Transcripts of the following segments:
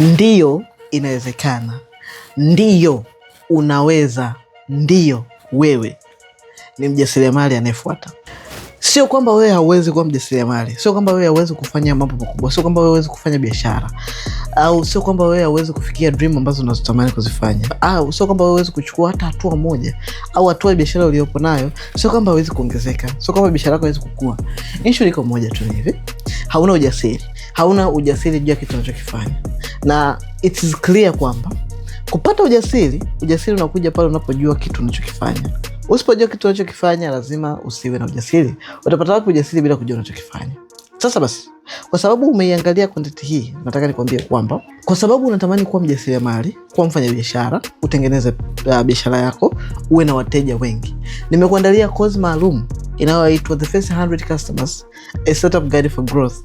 Ndiyo inawezekana, ndiyo unaweza, ndiyo wewe ni mjasiriamali anayefuata. Sio kwamba wewe hauwezi kuwa mjasiriamali, sio kwamba wewe hauwezi kufanya mambo makubwa, sio kwamba wewe hauwezi kufanya biashara, au sio kwamba wewe hauwezi kufikia dream ambazo unazotamani kuzifanya, au sio kwamba wewe hauwezi kuchukua hata hatua moja au hatua ya biashara uliyopo nayo, sio kwamba hauwezi kuongezeka, sio kwamba biashara yako haiwezi kukua. Issue iko moja tu hivi hauna ujasiri, hauna ujasiri juu ya kitu unachokifanya, na it is clear kwamba kupata ujasiri, ujasiri unakuja pale unapojua kitu unachokifanya. Usipojua kitu unachokifanya, lazima usiwe na ujasiri. Utapata wapi ujasiri bila kujua unachokifanya? Sasa basi, kwa sababu umeiangalia kontenti hii, nataka nikuambie kwamba kwa sababu unatamani kuwa mjasiriamali, kuwa mfanya biashara utengeneze uh, biashara yako, uwe na wateja wengi, nimekuandalia kozi maalum inayoitwa The First 100 Customers, a Setup Guide for Growth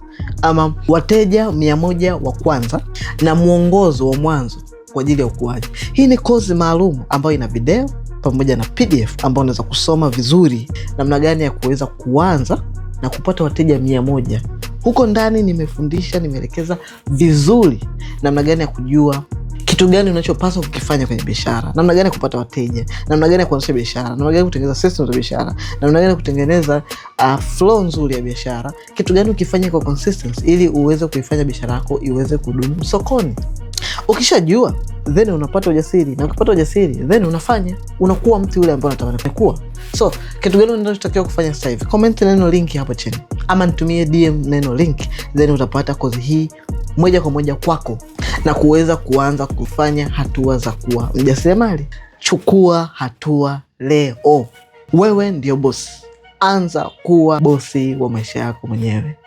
ama wateja mia wa kwanza na mwongozo wa mwanzo kwa ajili ya ukuaji. Hii ni kozi maalum ambayo ina video pamoja na PDF ambayo unaweza kusoma vizuri namna gani ya kuweza kuanza na kupata wateja mia moja. Huko ndani nimefundisha, nimeelekeza vizuri namna gani ya kujua kitu gani unachopaswa kukifanya kwenye biashara, namna gani ya kupata wateja, namna gani ya kuanzisha biashara, namna gani kutengeneza system za biashara, namna gani ya kutengeneza uh, flow nzuri ya biashara, kitu gani ukifanya kwa consistency, ili uweze kuifanya biashara yako iweze kudumu sokoni. Ukishajua then unapata ujasiri, na ukipata ujasiri then unafanya, unakuwa mtu yule ambaye unatamani kuwa. So kitu gani unachotakiwa kufanya sasa hivi? Comment neno link hapo chini, ama nitumie DM neno link, then utapata kozi hii moja kwa moja kwako na kuweza kuanza kufanya hatua za kuwa mjasiriamali. Chukua hatua leo, wewe ndio bosi. Anza kuwa bosi wa maisha yako mwenyewe.